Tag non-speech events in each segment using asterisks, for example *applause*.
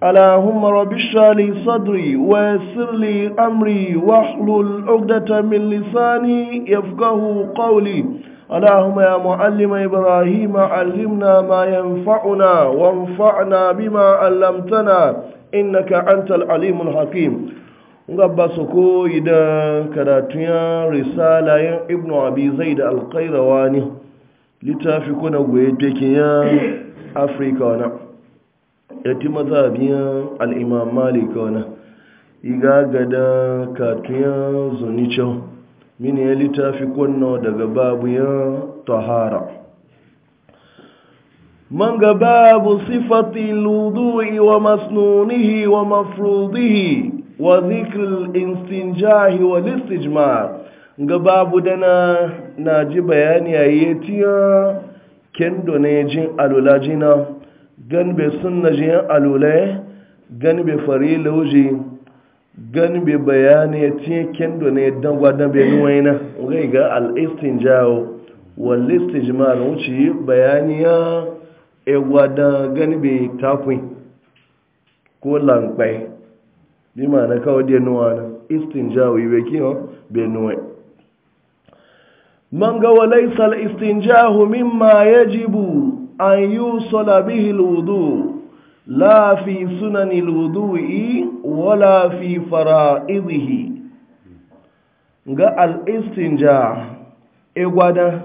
Allahumma rabbi shali sadri wa sirli amri wa hlul ugdata min lisani yafqahu qawli Allahumma ya muallima Ibrahim allimna ma yanfa'una wanfa'na bima allamtana innaka antal alimul hakim ngabba soko idan karatuya risala yin ibnu abi zaid al-qayrawani litafi kuna goye tekiya afrika wana. ya yati biyan al'imam malik wani iga gada katuyan zunicau mini ya littafi kwanna daga babu ya tahara man ga babu sifati ludu'i wa masnunihi wa mafrudihi wa zikril instinjahi wa listijmar ga babu dana na ji bayani a yi tiya kendo ne jin alulajina gan be sunna jiyan alulai gan be fari lauji gan be bayani tiye kendo ne dan gwadan be na. ngai ga al wa wal istijmar wuci bayani ya ewa gwadan gan be takwin ko lankwai bi ma na kawo istin jawo yi ibe kiyo be nuwai man ga walaisa al-istinjahu mimma jibu an yusala bihi alwudu la fi sunani alwudu'i wala fi fara'idihi ga al-istinja egwada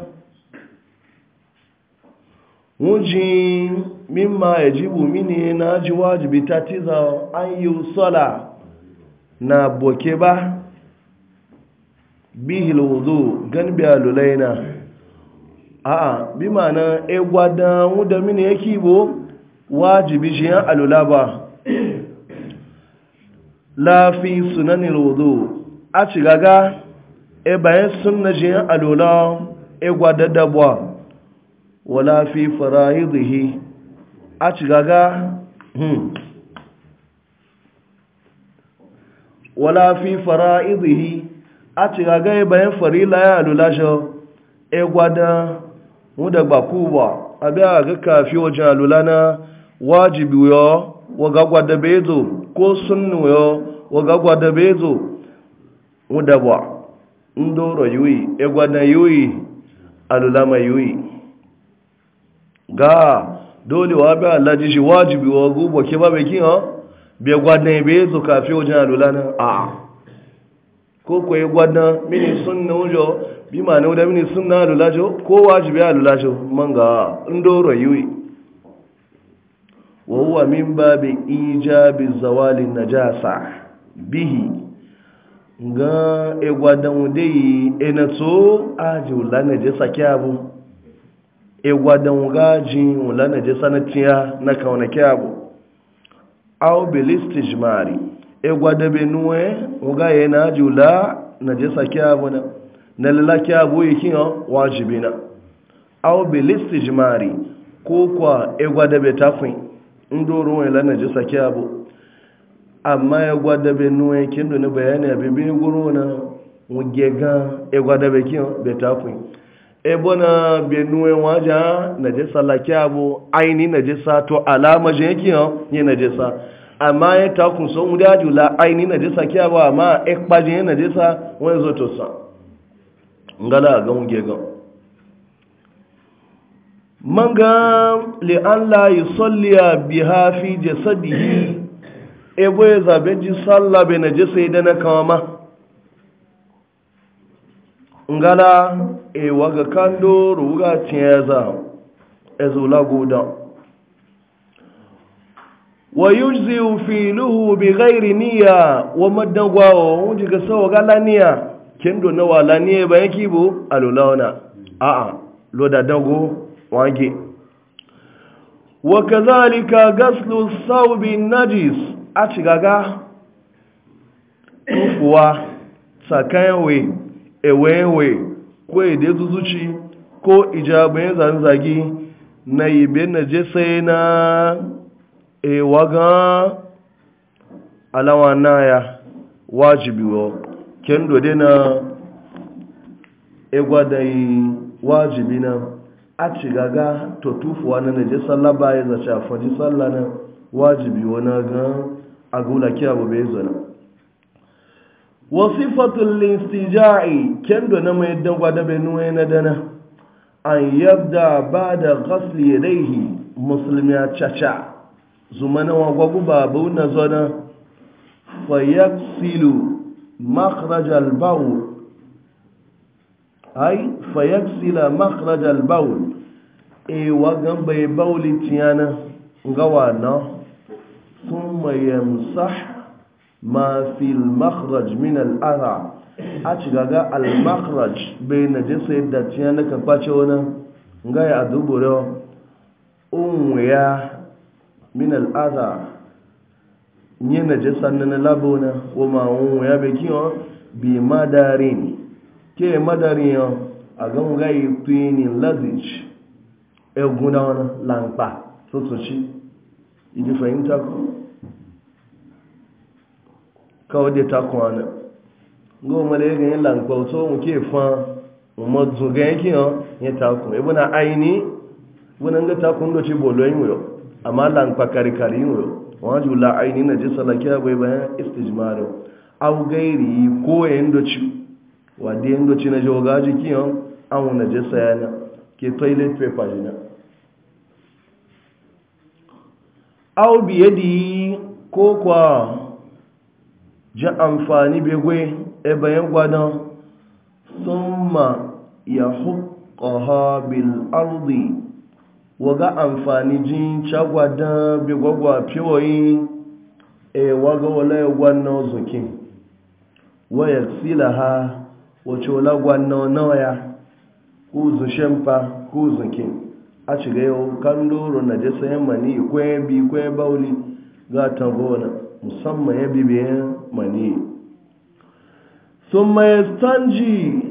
wuji mimma yajibu mini na ji wajibi tatiza an yusala na boke ba bihi alwudu gan bi alulaina a'a bi ma'ana e gwada da mini yake bo wajibi shi yan alula ba laafi sunanin wudu a ci gaga e bayan sunna shi yan alula e gwada dabwa wa fara farahidihi a ci gaga hmm. walaafi fara fi a ci gaga e bayan farila ya alula shi e gwada mu da ba ku a ga kafi wajen alulana na wajibi yo wa gagwa da bezo ko sunnu yo wa gagwa da bezo mu da ba ndoro yui egwa na alulama alula ma ga dole wa biya alaji shi wajibi wa gubo ke ba ha biya gwadna e bezo kafi wajen alulana a ko ko ya e mini sunnu yo bi ma ne mini sun na lulajo ko wajibi a lulajo man ga ndoro yiwi wa huwa min babi ijabi zawali najasa bihi ga egwadan dai enato aji ula najasa kyabu egwadan gaji ula najasa na tiya na kauna kyabu au bilistijmari egwadabe nuwe ga yana aji ula najasa kyabu na na lalaki abu yakin wajibi na aw bil istijmari ko kwa egwada be tafin ndoro wani lana ji sake abu amma ya gwada be nuwa yakin da ni bayani abin bin guru na wugega egwada be kin be tafin ebo na be nuwa waja na ji salake abu aini na ji sa to alama je yakin ne na ji sa amma ya e takun so mu dajula aini na ji sake abu amma ekpaje na ji sa wani zo to sa ngala ga unge ga manga li an la yusalliya biha fi jasadihi ebo ya zabe ji sallah be na jese da na kama ngala e waga kando ruga tiyaza ezula gudan ويجزي فيله بغير نية ومدن غواو وجي غسو غلا نيه kendo na wala ni e ba yake bo alola wana a a lo da dago wage wa kadhalika ghaslu thawbi najis a cigaga tufuwa tsakanwe ewewe ko ide zuzuci ko ijabin zanzagi na ibe na jese na ewaga alawa naya wajibi kendo dai na egwadai wajibi na a ci gaga to tufuwa na naje sallah baya zace a faji sallah na wajibi wani ga agula kiya bu bai zana wasifatul linstija'i kendo na mai dan gwada bai nuna na dana an yabda ba da ya yadaihi musulmi ya caca na wa gwagu babu na zana silu. مخرج البول اي فيغسل مخرج البول اي وغم بي بول تيانا غوانا ثم يمسح ما في المخرج من الارع أتغغى المخرج بين جسد تيانا كباتشونا غاي أدبرو اوميا من الاذى nye na je sannan labo na o ma ya be ki on madarin ke madarin on aga mo ga yi twini lazich egun da wana ka o de ta ko ana ngo mo le ga yin lampa so mo ke fa e bona aini bona nga ta ko ndo chi bolo yo amma waju la aini na ji la kiya bai bayan istijmaru aw gairi ko yandoci wadda yandoci na joga jiki on an na jisa yana ke toilet paper jina aw bi yadi ko kwa ja amfani be e bayan gwadan summa yahuqqaha bil ardi waga amfani jin chagwa bi gwagwa fiwoyi e waga wala ya gwanna zokin waya sila ha wace wala gwanna nawaya ku zushempa ku zokin a shiga yau kan doro na je sayan mani kwaye bi kwaye bauli ga ta musamman ya bibiyan mani sun mai stanji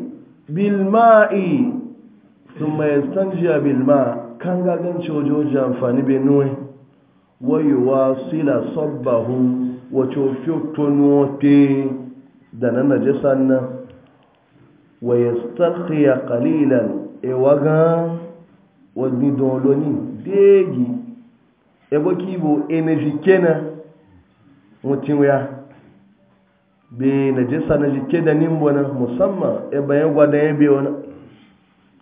bilma'i sun mai stanji bilma'i kan gagan cojo ji amfani benue wayewa sila sabbahu wace fitonuwa pe da na najisa nan waye starkiya kalilan ewaga wani doloni degi ebo kibo energy kena mutum e ya be najisa na jike da nimbo na musamman ebe ya gwada ya biyo na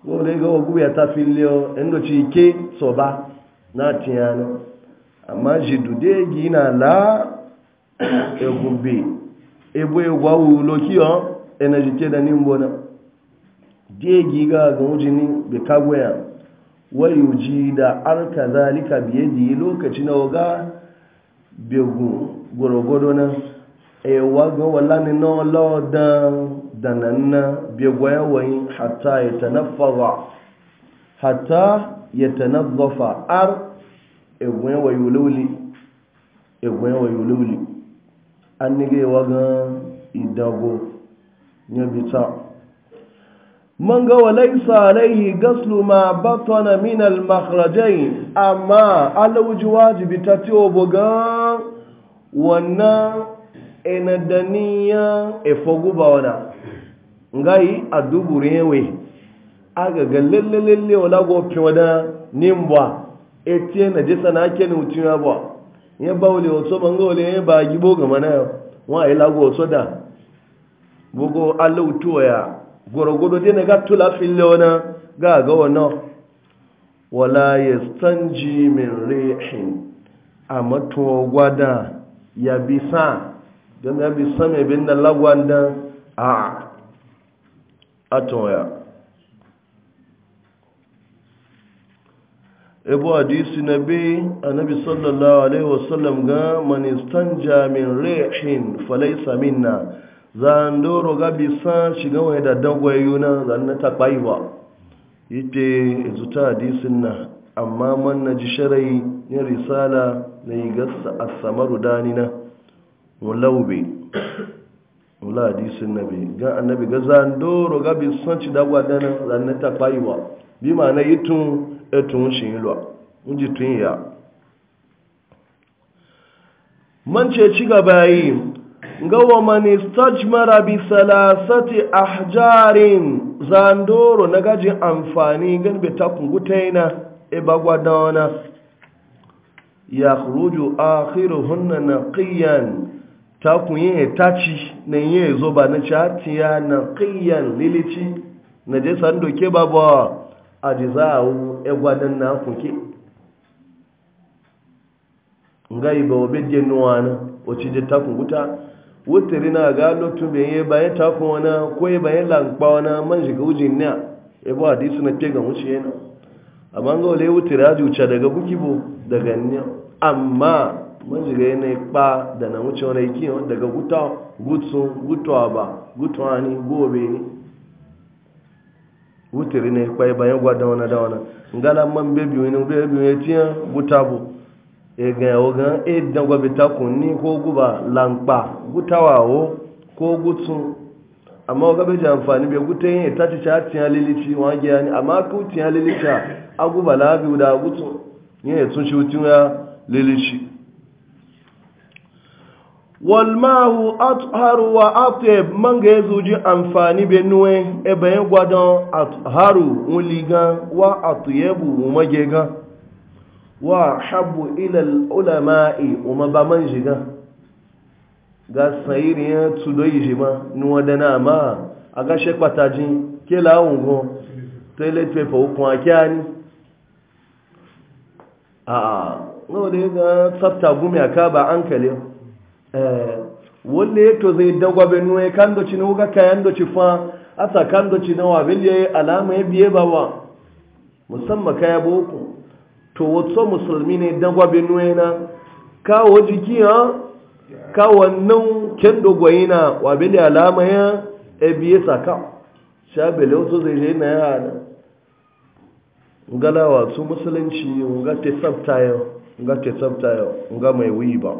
gole ga ogu ya ta filio endo ci ke soba na tiyana amma ji dude gi na la egube *clears throat* ebo egwa wu loki ọ energy ke da ni mbona die gi ga ga uji ni be kagwe ya wal yujida arka zalika biyadi lokaci na oga begu na ni da nan na begwayawayin hatta ya tanaffaza hatta ya tanazzafa ar egwayawa yululi e an nigewa gan idago ya bita man ga walaisa alaihi gaslu ma batana min al-makhrajai amma alawji wajibi ta ce obogan wannan enadaniya efoguba wana ngai a duburewe aga ga lalle lalle wala go piwada nimbwa etie na jesa na ake ni mutum ya bwa ya ba wale oto banga wale ya ba gibo ga mana yo wa ila e go da gugu Allah utuwa ya gorogodo de na gatula fille wana ga ga wana wala yastanji min rihin amato gwada ya bisa dan ya bisa me bin da lagwanda a atoya ebo hadisi na bi anabi sallallahu alaihi wasallam ga man istanja min rihin falaysa minna zan doro ga bisa shiga wani da dagwaye yuna zan na taɓaiwa yake hadisin na amma man na ji sharai ne risala na yi gasa a samaru danina wulaube wula hadisin nabi ga annabi ga zan doro ga bi son ci dagwa dana zan ta fayiwa bi ma na yitun etun shi yilwa unji tun ya man ce ci gaba yi ga wa man istajmara bi salasati ahjarin zan doro na gajin amfani gan bi ta kungutaina e bagwa dana ya khruju akhiruhunna naqiyan ta kunye e tachi e na yi zo ba na ci ya na kiyan lilici na je san doke ba ba a ji za a wu egwadan na kunke nga yi ba wabe je nuwa na wace je ta kunguta wutari na ga lotu bai yi bayan ta kun wani ko yi bayan lankpa wani man shiga wujin na ya e ba hadisi na ke ga wuce yana amma ga wale wutari aji wuce daga bu daga niya amma manjiga yana kpa da na wuce wani kiyo daga guta gutsu gutuwa ba gutuwa ni gobe ni wutiri ne kpa bayan gwada wani da wani ngala man bebi wani bebi wani tiyan guta bu e ga yawo ga e dan gwabe ni ko guba lankpa gutawa o ko gutsu amma wa gabe amfani bai guta yin ita ci ta tiyan lilici wani giya ni amma ku tiyan lilici a guba labi da gutsu ni e ya tun shi wutun ya lilici walmahu atharu wa atyeb manga ya zuji amfani be nuwe ebe ya gwadon atharu wuligan wa atyebu umagegan wa habbu ila ulama'i uma ba man shiga ga sayiri ya tudo yi ma nuwa da ma a ga she patajin ke la ungo toilet paper ukun akiani a a no de ga tsafta gumi aka ba ankale Eh, wanda ya to zai dagwa benu ya kan na wuka kayan fa a tsakan doci na wabin alama ya e biye ba musamman kaya boko to wato musulmi ne dagwa benu na kawo jiki ha kawo nan ken dogwayi na wabin ya alama ya e biye tsaka shabele wato zai je na ya hada ngala wasu musulunci nga te tsabta yau nga te tsabta yau nga mai wuyi ba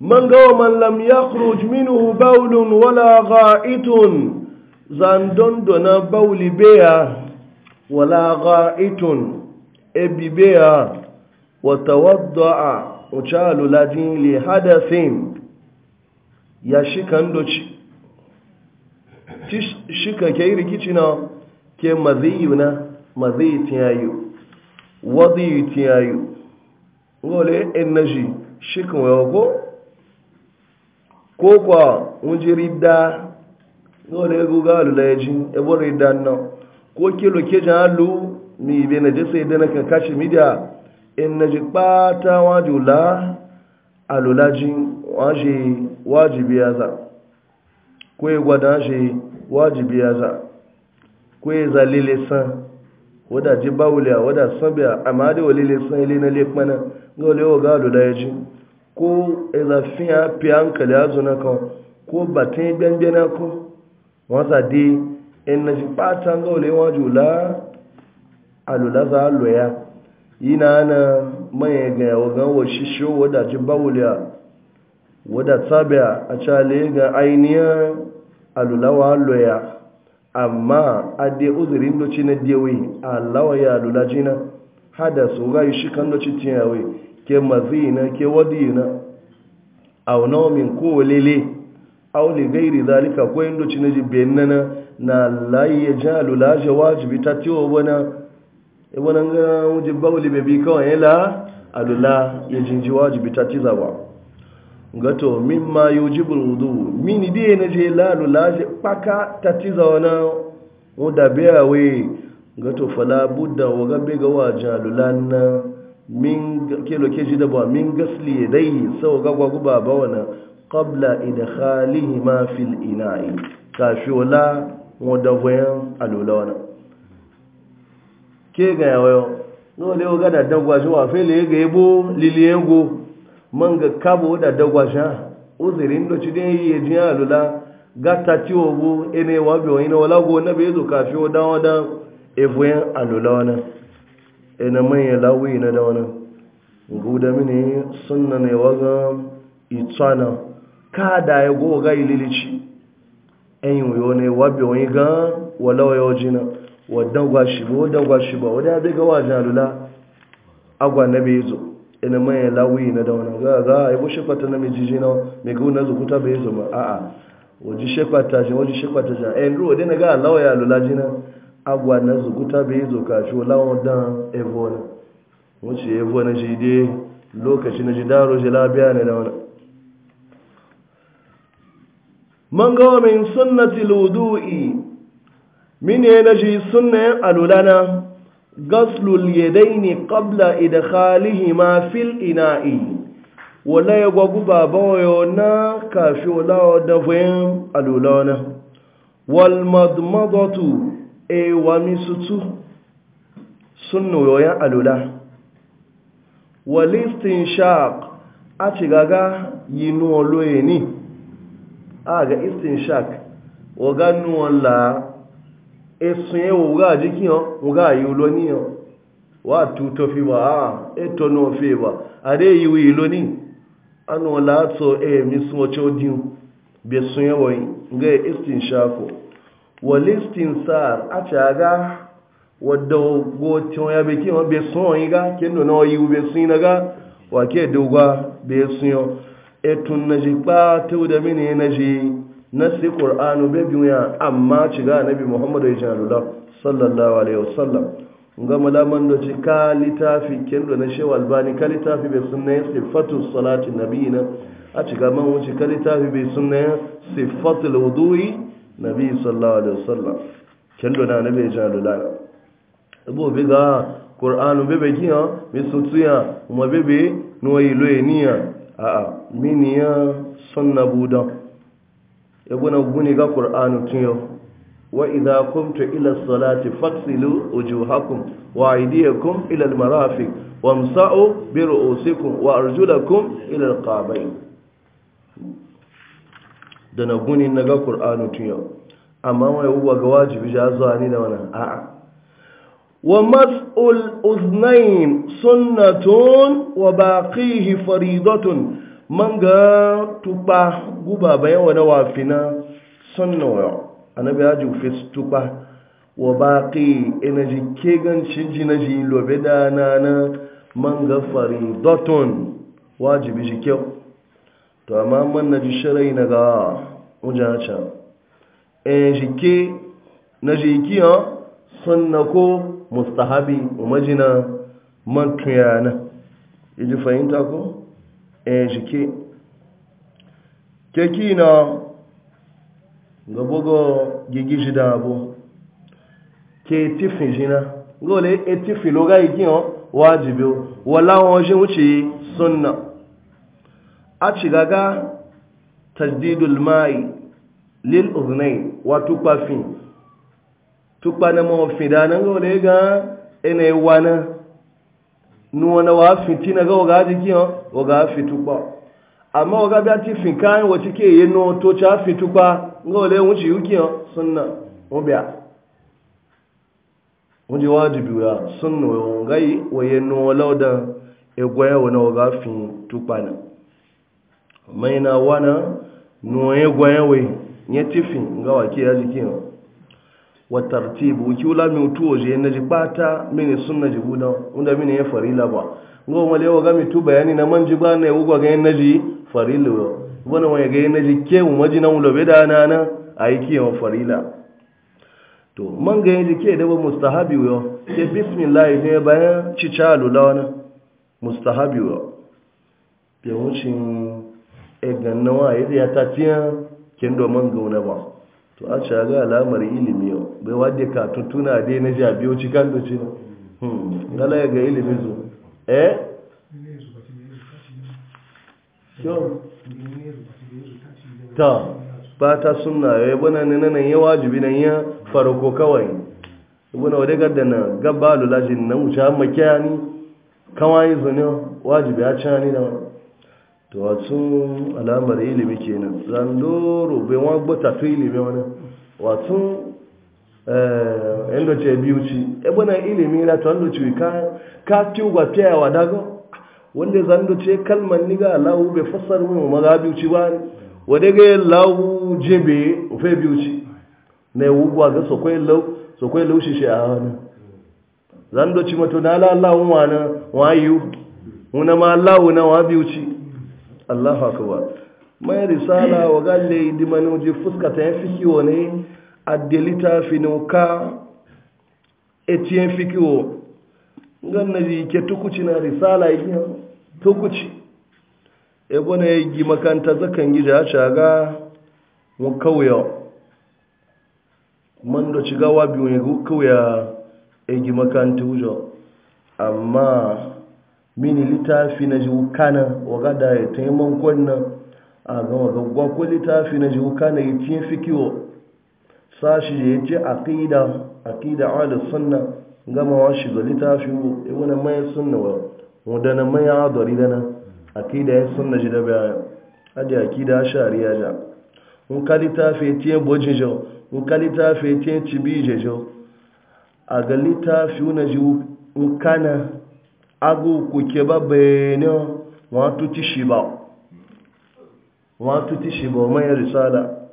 man ga wa man lam yakhruj minhu bawlun wala gha'itun zan don dona bawli beya wala gha'itun ebi beya wa tawadda'a uchalu ladin li hadathin ya shikan doci shika ke yi rikici na ke maziyu na maziyu tiyayu wadiyu tiyayu gole energy shikan wayo ko ko kwa wunji ridda yau da ya guga alula ya ji ebo ridda nan ko kilo ke jan alu mi ibe na je sai dana kan kashi midiya in na ji kpata waje ula alula ji waje wajibi ya za ko ya gwada shi wajibi ya za ko ya za lele san wadda ji bawuliya wadda san biya amma da wa lele san ile na lekmana ga wale wa ga alula ya ji ko ezafiya fi hankali ya zo na kan ko batun gbẹngbẹ na ko wọ́n sàdé ji bata pàtà ga gọ́ọ̀lẹ́ jula jù lá za lọ́yà yìí na mọ́yẹ̀ ga ọ̀gán wọ̀ ji wọ́dà jí báwọlẹ̀ wọ́dà tábẹ̀ àṣàlẹ̀ ga ainihin alùláwà loya amma adé uzirin doci na dewe alawa ya lulajina hada su ga yi shi kan doci tiyawai ke mazina ke wadina aw naumin ko lele aw li gairi zalika ko indo cinaji bennana na layi ya jalu la jawajibi ta tiwo bana e bana ga wuje bawli be bi kawai la alula ya jinji wajibi ta tiza ba gato mimma yujibu wudu mini di na je la alula je paka ta wana mu da biya we gato fala budda wa gabe ga wajen alulan na min kelo ke jida ba min gasli dai sau gagwa guba ba wana qabla idkhalihi ma fil ina'i ka kafi wala da wayan alola wana ke ga yawo no le o ga da dagwa shi wa fele ga yebo liliyengo man ga kabo da dagwa sha uzirin do ci dai ye jin alola gata ti obo ene wa bi o ina wala go na be zo ka da wada e evoyan alola wana ina yi lawi na da wani guda mini suna ne waga itsana ka ya goga ililici ẹ̀yìn òyò ni wábẹ̀ wọ́n yí gan wọ́lọ́wọ́ yọ jina wọ́dán gwashiba wọ́dán gwashiba wọ́dán abẹ́ gawa jẹ́ agwa na bai zo ina manya lawi na da wani ga za yi na mai jijina mai gawo zukuta bai zo ma a'a shekwata jin waji shekwata jin ẹ̀yìn ruwa dina ga agwa na zukuta bai zo kashi lawon dan evona wuce evona shi dai lokaci na ji daro shi labiya ne da wani man gawa min sunnati ludu'i min ne na shi sunnayen alulana gaslul kabla qabla idkhalihima fil ina'i wala ya gwagu babawayo na kashi lawon da fayin alulana wal madmadatu e misutu sun noyoyin alula wa listin shaq a ci gaga yi nuwaloye ni a ga istin shaq wa ga nuwala esun ye wo ga jiki yo wo ga yi lo ni wa tu to fi wa a eto to no fi are yi wi lo ni anu la ato e mi sun e o cho diun be ga istin walistin sar a caga wadda gotin ya bai ma bai sun yi ga kendo na nawa yiwu bai sun yi na ga wa ke dogwa bai sun yi etun na ji ba ta wuda mini na ji na si kur'anu bai biyu ya amma ci ga bi muhammadu ya jihar da sallallahu alaihi wasallam ga malaman da ci ka littafi kendo da na shewa albani ka littafi bai sun na yi sifatu salatin nabi na a ci man wuce ka littafi bai sun na yi sifatul wudu'i nabi sallallahu alaihi wasallam kendo na nabi do la ibo bi ga qur'anu bebe kiya mi sutuya mo bebe no ilo ya a a ya sunna buda ibo na guni ga qur'anu tiyo wa idha qumtu ila salati fatsilu wujuhakum wa aydiyakum ila almarafiq wamsa'u bi ru'usikum wa arjulakum ila alqabayn da na guni na ga ƙur'anu tun yau amma wani uwa ga wajibi ja zuwa ni da wani a'a wa mas'ul uznain sunnatun wa baqihi faridatun man ga tuba guba bayan wani wafina sunna wa annabi ya jufi tuba wa baqi inaji ke na jinaji lobe da nana man ga faridatun wajibi kyau to amma man na ji shirai na ga wajen can e eh, jike na jiki ha sun na ko mustahabi umajina man tuyana ya ji fahimta ko e eh, jike keki na gabogo gigi shida abu ke tifin jina gole e tifin loga igi ha wajibi wala wajen wuce sunna a cigaga tajdidul mai lil uznai wa tukpafin tukpa na mawafi da nan ga wale ga ina yi wana nuwa na wafi ti na ga waga jiki ha waga fi tukpa amma waga biya ti fin kayan wace ke yi no to ca fi tukpa ga wale wuce yuki ha sunna obiya wunje wajibi ya sunna wa yi wa yi no lauda egwe wa na waga fi tukpa na mai na wana nuwaye gwayewe ya tifi ga wake ya jiki wa tartibu ki wula mi utuwo je na ji bata mini sunna ji buda unda mini ya farila ba ngo male wa ga mi tu bayani na manji ba na ugwa ga na ji farila wana wa ga na ji ke mu maji na ulo be da na na aiki ya farila to man ga ji ke da ba mustahabi yo ke bismillah ne bayan ci chalu lawana mustahabi yo be wucin e ganna wa yadda ya tafiya kin domin gauna ba to a shaga alamar ilimi yau bai wadda ka tuntuna dai na ja biyo cikin doci na hmm dala ya ga ilimi zo eh kyau ta ba ta sunna ya eh, bana ne nan ya wajibi nan ya farko kawai ibuna wadda gadda na gabalu lajin na wuce makiyani kawai zo wajibi ya ci ni da wani to watsun alamar ilimi kenan zandoro bai wa gbata to ilimi wani watsun eh, yan da ce biyu ci ebe eh, na ilimi na to ando ci ka ka ti ugwa ta yawa dago wanda zando ce kalmar niga lahu bai fasar mu maza biyu ci ba ne wadda ga lahu jebe ofe biyu ci na yi ugwa ga sokwai lau sokwai lau shi shi a wani zando ci mato na lallahu wani wayu wani ma lahu na wa biyu ci Allahu akbar mai risala wa galle di manuji fuska ta yan fikiwo ne a delita finuka etiyen fikiwo ganna ji ke tukuci na risala yi tukuci ebo na yi makanta zakan yi da ya ga mu kauya man da ci gawa biyu ne kauya yi e makanta wujo amma mini littafi na jiwukana waga da ya taimakon kwanna a ga wagagwa ko littafi na jiwukana ya ciye fikiwo sashi da ya ce akida aqida ala sunna gama wa shi da littafi wani mai sunna wa wadana mai adari dana akida ya sunna ji da bayan adi aqida shari'a ja un ka littafi ya ciye bojijo un ka littafi ya ciye cibijejo a ga littafi na jiwukana agu kuke ba benin wọn tuti shi ba wọn tuti shi ba mai risala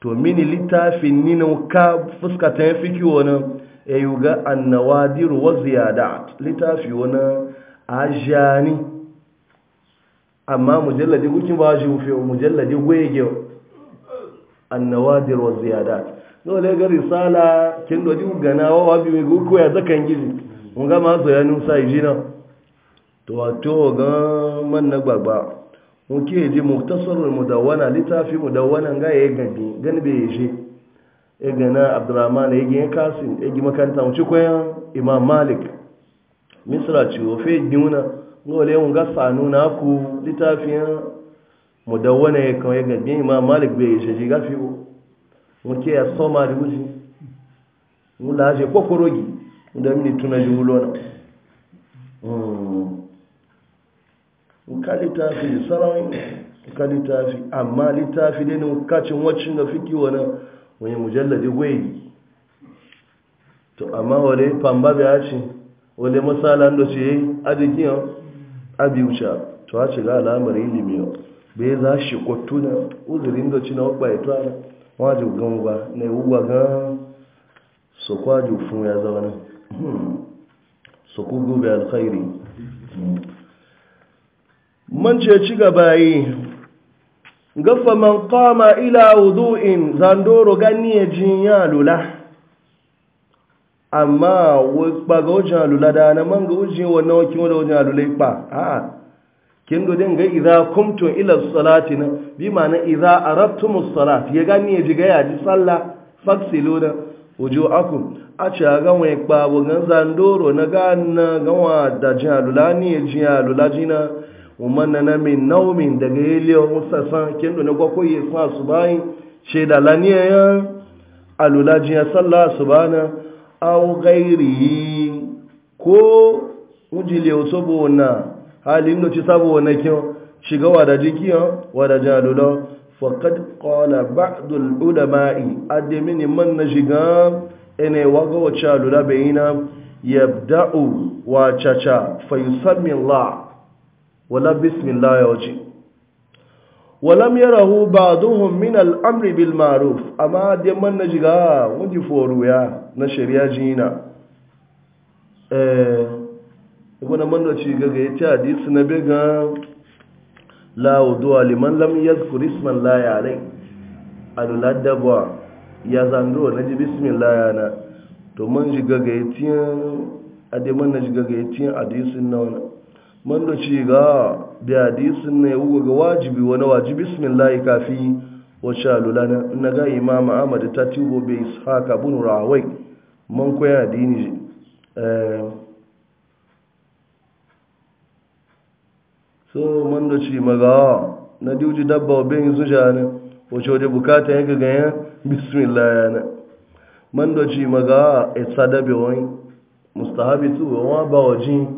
to mini littafin nina ka fuskata ya fi kiwo na eyu ga annawadir wa ziyada littafi wani ajani amma mujallaji kukin ba shi wufe mujallaji gwege annawadir wa ziyada dole ga risala kin doji ganawa wa bi mai gukuwa zakan gizi mun ga ma masu yanin sa yi jina to wato ga man na gbagba muke ji muktasarul mudawwana littafi mudawwana ga ya gani gani bai shi ya gana abdurrahman ya gina kasim ya gina makanta mu ci koyan imam malik misra ci wa fe diuna ga wale mun ga sanu na ku littafin mudawwana ya kan ya gani imam malik bai shi ga fi muke ya soma da guji mu laje kokorogi da mini tuna jumulona ka littafi sarawin ka littafi amma littafi dai ne kacin wacin da fiki wani wani mujalladi gwai to amma wale pamba biya ce wale misalan da ce adigiyan ucha. to a shiga alamar ilimi yau bai za shi kwatuna uzurin da ci na wakpa ito ana wajin gangwa na yi ugwa gan fun ya zama na. Hmm. sokugu bi alkhairi hmm. man ce ci gaba yi gafa man kama ila wudu'in zandoro gani ya jin ya lula amma ba ga wajen lula, da na man ga wajen wannan wakin wadda wajen alula ba a kin do den ga idza kumtum ila salati na bi ma'ana idza arabtum salati ya gani ya ji jiga ya ji sallah faksilu da aku, a ce a ganwa ikpa bu gan zandoro na gana ganwa da jin alula ni ya jin alula jina umman na min naumin daga yeliyo san? kin dole ko koyi sa su bayi she da laniya ya alulaji ya salla subhana aw ghairihi ko mujile osobo na halin no ci sabo na kyo shiga wada jikiyo wada jalulo faqad qala ba'd al ulama'i ademini man na shiga ene wago chalula bayina yabda'u wa chacha fa yusammi Allah wala bismillah ya waje walam yarahu ba'duhum min al-amri bil ma'ruf amma dai man najiga wuji foru ya na shari'a jina eh ibn man da ci gaga yace hadisi na bega la wudu liman lam yadhkur isman la ya'lay aluladabwa ya zando na ji bismillah ya na to man jiga ga yace ade man najiga ga yace hadisin na wannan man da ci ga da hadisin ne ugo ga wajibi wani wajibi bismillah kafi wa shalula na ga imam ahmad ta tubo bai ishaq ibn rawai man koya dini eh so man ma gaa maga na diuji dabba bai zuja ne wace wadda bukata ya gaga ya bismillah ya na man da ci maga a tsadabe wani mustahabi tuwa wa ba wajen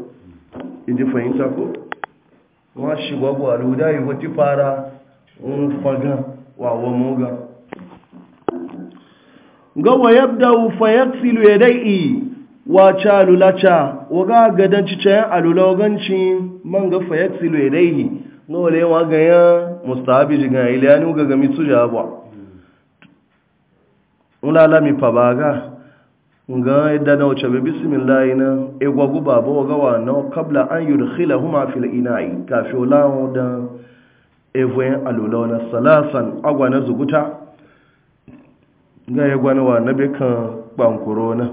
iji fahimta ko wọ́n ṣe gbogbo àlúdá ìwò tí fara ń fagan wàwọ́ mọ́gá gawa yabda fayaksilu ya dai'i wace alulaca waga gadon cicayen alulaganci man ga fayaksilu ya dai'i na wale wa ganyen mustahabi jigan iliyani ga gami su jaba ulalami fabaga ga yadda na wace bismillah na egwagu babo gawa na kabla an yudkhila huma fil ina'i kafi olawo da evoyen alola na salasan agwa na zuguta ga ya gwana wa na bekan bankuro na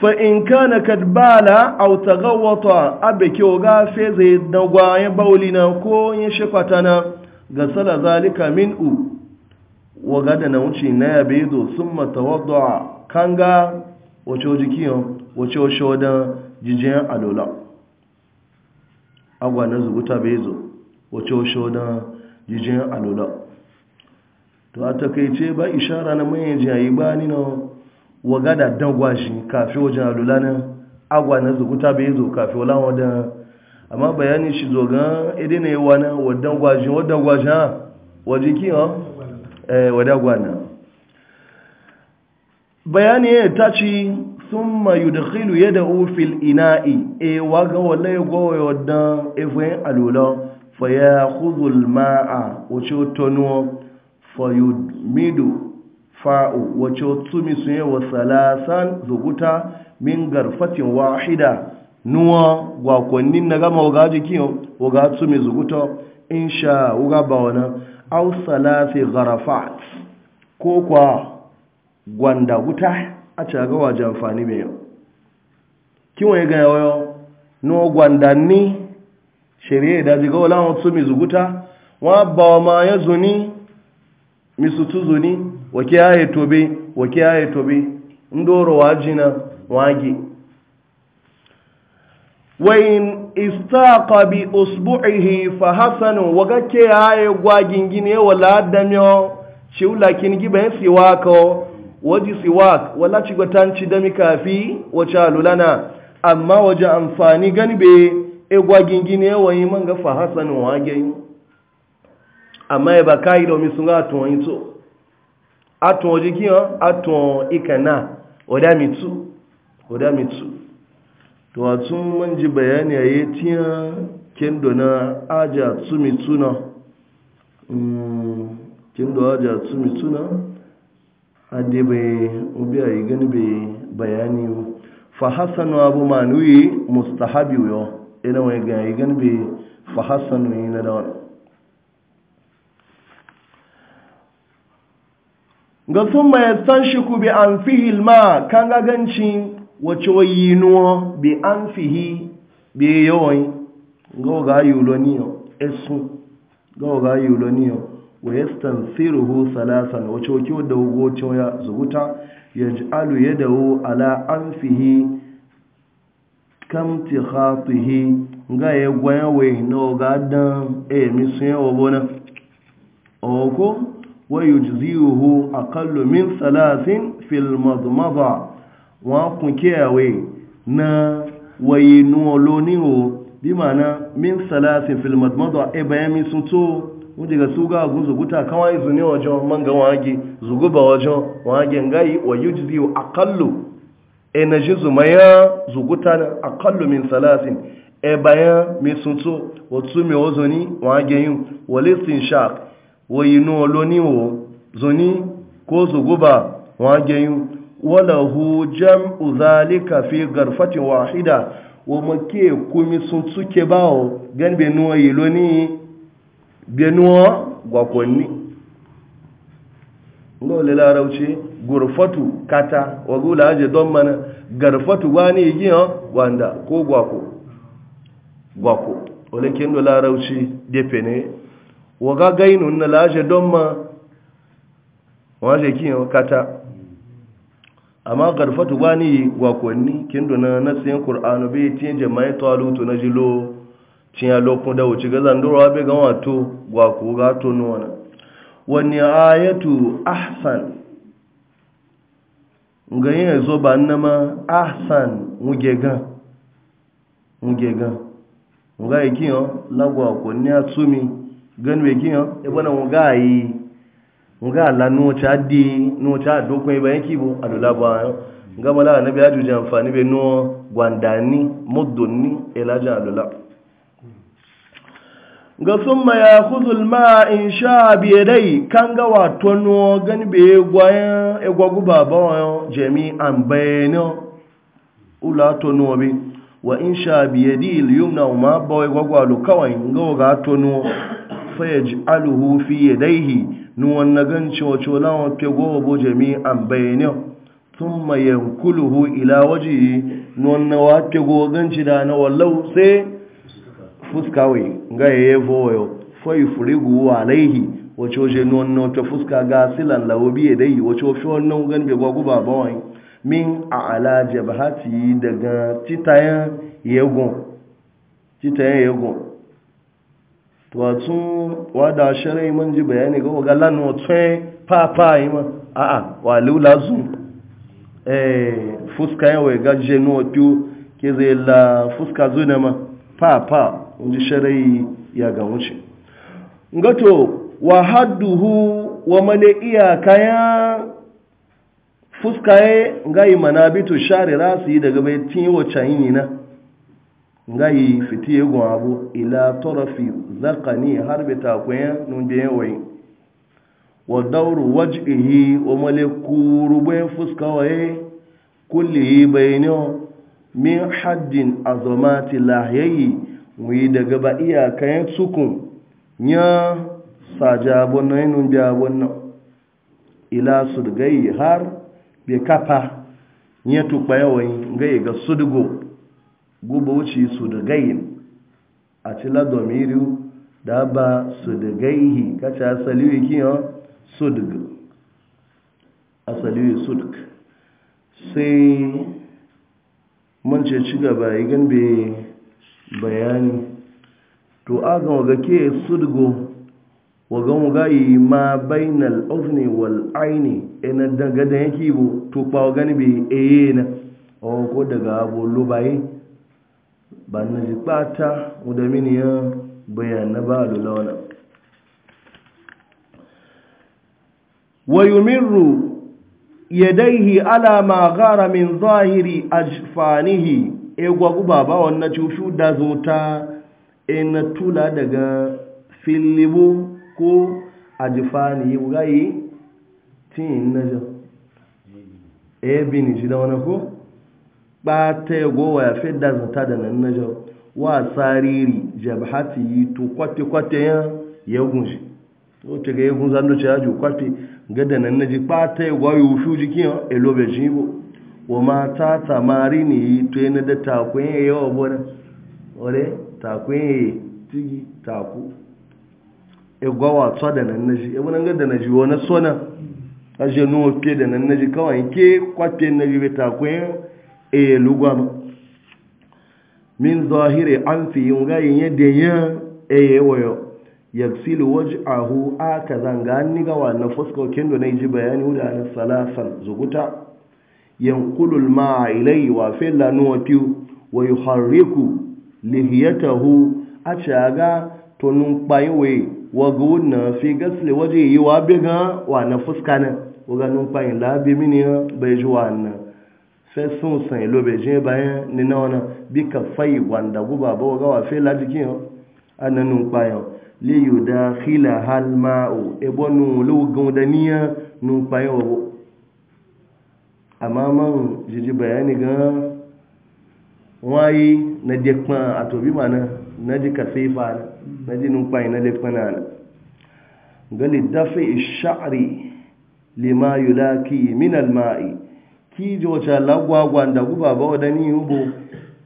fa in kana kadbala aw tagawata abeke ga fe zai dagwa ya baulina ko ya shekwata na ga sala zalika u wa gada na wuce na yabe su summa tawadda kanga wace wace kiyon wace wace wadon jijiyan alola agwa na zubuta bai zo wace wace wadon jijiyan alola to a takaice ba ishara na manyan jiyayi ba ni na wagada dangwa shi kafi wajen alola na agwa na zubuta bai zo kafi wala wadon amma bayani shi zogan idina yi wani wadon gwajin wadon gwajin ha wajen kiyon eh, wadon gwanan bayani ya sun mayu da khilu ya da ofil ina'i e waga wale gowe wadda efoyin alula ya huzul ma'a wace tonuwa fayudmidu fa'u wace tsumi sun yi wa salasan zuguta min garfatin wahida nuwa gwakwannin na gama waga jikin waga tumi zuguta in sha wuga ba wani au salasi garafat ko kwa gwanda wuta a cagawa ji amfani mai yau kiwon ya gaya wayo no gwandanni shari'a da jiga wala wasu mai zuguta wa ba ma ya zuni misutu zuni wake ya yi tobe wake ya yi tobe ndoro wa jina wage wayin istaqa bi usbu'ihi fa hasan waga ke ya yi gwagin gine wala damyo ciwlakin gibe siwa wako. waji siwak wala ci gwatanci da mikafi wace alulana amma waje amfani gani be egwa gingine wanyi man ga fa hasan wage amma ya e ba kai da mi sun ga to yin to aton jiki han aton ikana oda mitu tu oda mi to atun mun ji bayani aye tiya kendo na aja tsumi na. Hmm, kendo aja tsumi tuna adi bai ubi a yi gani bai bayani fa hassanu abu manuyi mustahabi yo ina wai ga yi gani bai fa hassanu yi na dawa ga sun mai san shi ku bi an fihi ma kan gaganci wace yi nuwa bi an fihi bi yawon ga ga yi uloniyo esu ga ga yi uloniyo wa yastansiruhu salasan wa coki da hugo coya zubuta yaj'alu yadahu ala anfihi kam tikhatihi nga ye gwayan we no gadan e mi sun obona oko wa a aqallu min salasin fil madmada wa kunkiyawe na wayinu oloni o bi mana min salasin fil madmada e bayan mi sun to wuje ga su ga gun zuguta kawai su ne wajen manga wage zuguba wajen wage ngai wa yujzi aqallu enaji zumaya zuguta na aqallu min salasin e bayan mi sunto otu mi ozoni wage yin walistin shark wo yinu oloni wo zoni ko zuguba wage yin hu jam'u zalika fi garfati wahida wa make kumi sun suke bawo gan be nuwa yelo ni benuwa gwakwanni ngole larauci gurfatu kata wagula aje don mana garfatu wani yi wanda ko gwako gwako wale kendo larauci defe ne waga gainu na laje don ma waje kiyan kata amma garfatu wani gwakwanni kendo na nasiyan kur'anu bai tiyan jama'ai tawalutu na jilo tiya lokun da wuce gazan duro abe ga wato gwa ko ga to no wana wani ayatu ahsan nga yin zo ba nama ahsan muge ga muge ga nga yiki yo lagwa ko ni atumi gan we kiyo e bona nga yi nga la no cha di no cha do ko ba yiki bo adula ba nga mala na bi aju jan fani be gwandani muddunni elaja adula ga ma ya kuzul ma in sha biye dai kan ga wato no gani be gwayan egwagu baba wayo jami'an bayanin ula to bi wa in sha biye di na ma ba egwagu alu kawai ga ga to no fa yaj'aluhu fi yadayhi nu wannan gan cewa cewa wa fi gowa bo jami'an bayano thumma yankuluhu ila waji nu wannan wa fi gowa gan ci da na wallau sai fuska wai ga yaye foyo fai furigu alaihi je non no ta fuska ga silan lawobi dai wace wace wannan gan be gwagu ba wai min ala jabhati daga titayen yegun titayen yegun to wa wada sharai man ji bayani ga ga lanu pa pa yi ma a'a wa lula zu eh fuska yawa ga no to ke zai la fuska zu ne ma pa pa. inji sharai ya ga wuce ngato wa hadduhu wa male iyaka ya fuskaye ngai manabitu share rasi daga bai tiwo chayini na fiti ya gwa abu ila tarafi zakani harbe takwaya nun biye wayi wa dawru wajhihi wa male kurubay fuskaye kulli bayinu min haddin azamati lahiyayi muyi daga ba iyakayen tsukun ya jabon na yinun jabon na ila su da gai har bai kafa ya tukpa yawon gai ga sudugo guba wuce su da gai a cila domiriu da ba su da gaihi kacha asaliwi kiyan yi asaliwi sudug sai mun ce ci gaba igan bai bayani to aga waga ke sudgo waga waga yi ma bainal ofni wal aini ina daga da yake bu to kwa waga ni bai eye na awon ko daga abu lubaye ba na ji kpata da mini ya bayan na ba lula Wayumiru yadaihi ala ma gara min zahiri ajfanihi egwa guba ba wannan cushu da ta, ina tula daga filibu ko yi gayi tin naja ebini shi da wani ko ba ta yagowa ya fi da ta da nan naja wa tsariri jabhati yi to kwate-kwate ya yagun shi to ce ga yagun zandu ce ya ju kwate ga da nan naji ba ta yagowa yi wushu jikin elobe shi bo wa mata tamari ne to na da takun ya yawa bora ore takun ya tigi taku igwawa e tsa da nan naji ibi e nan da naji wani ke da nan naji kawai ke kwafe naji bai takun ya e lugwa ba min zahiri an fi yin gayin yadda ya e yawayo yabsilu aka zanga ni fuskokin da bayani na salasan zuguta yankulu al-ma'a ilayhi wa fi lanuwati wa yuharriku lihiyatahu a caga to numfayiwe wa gudna fi gasle waje yi wa biga wa na fuska na waga numfayin labi mini bai ji wa na sai san ilo bai je ni na bi ka fayi wanda guba ba waga wa fi lajikin yau a na numfayin liyu da hila halma'u ebo nulu gaudaniya wa amma man jiji bayani ga wayi na dekpa a tobi mana na ji fa na ji numfayi na dekpa na na gali dafe sha'ari lima yulaki min alma'i ki ji wace lagwagwa da guba ba wadani yubo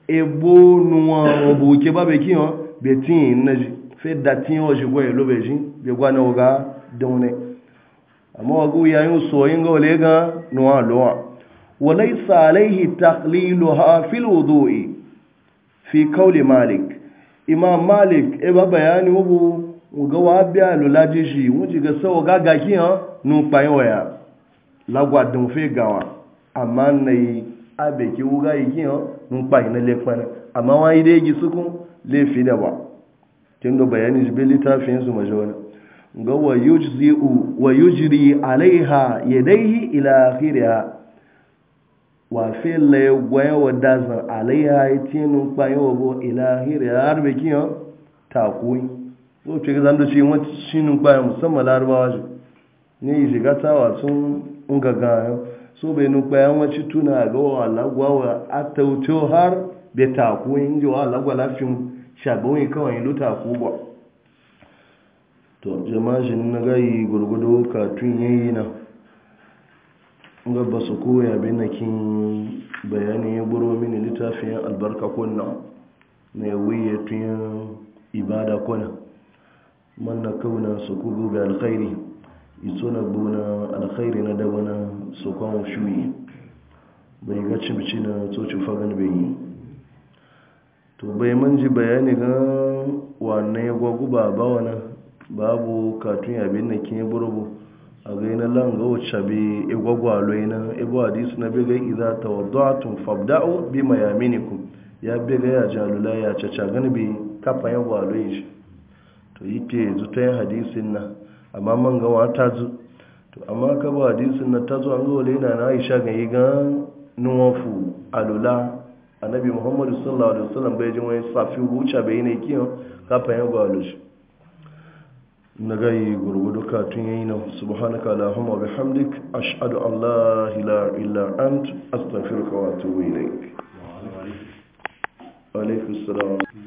ebo nuwa obuke ba be kiyon betin na ji fe datin oji gwa ilo beji be gwa na oga daune amma wagu yayin soyin ga wale ga nuwa lowa وليس عليه تقليلها في الوضوء في قول مالك imam malik ebe bayani wubu ga wa shi wuji ga sau ga gaki ha nun fe gawa amma na yi wuga yi ki na amma wa yi dai gisu lefi da ba bayani shi wafe laye gwaya wa dazar alaiha ya ce numfa yawa bo ilahiri har bai kiyan takuwi so ce zan da ce wacce shi numfa ya musamman larabawa shi ne yi sun ungagayen so bai numfa ya tuna ga wa alagwa wa atauto har bai takuwi inji alagwa lafin shagawai kawai lu taku ba na na gaba su koya binakin bayani ya buro mini littafin albarka kunna na yawiye tun ibada kuna manna kauna su kugu ga alkhairi iso na gona alkhairi na da wani su kwan shuyi bai ga cimci na tsoci fagen bai yi to bai manji bayani ga wane ya ba wani babu katun yabin na kin ya burubu a ga yana langa wacce bi igwagwalo yana ibu hadisu na bega iza ta wadatun fabdao bi mayaminikum ya bega ya jalula ya caca gani bi kafa ya gwalo yi to yi ke zuta yin hadisin na amma man gawa ta zu to amma ka ba hadisin na ta zo an gawa na aisha ga yi alula na gayi gurgudu katun yayi na subhanaka allahumma bihamdik ashhadu an la ilaha illa ant astaghfiruka wa atubu ilayk wa alaikum assalam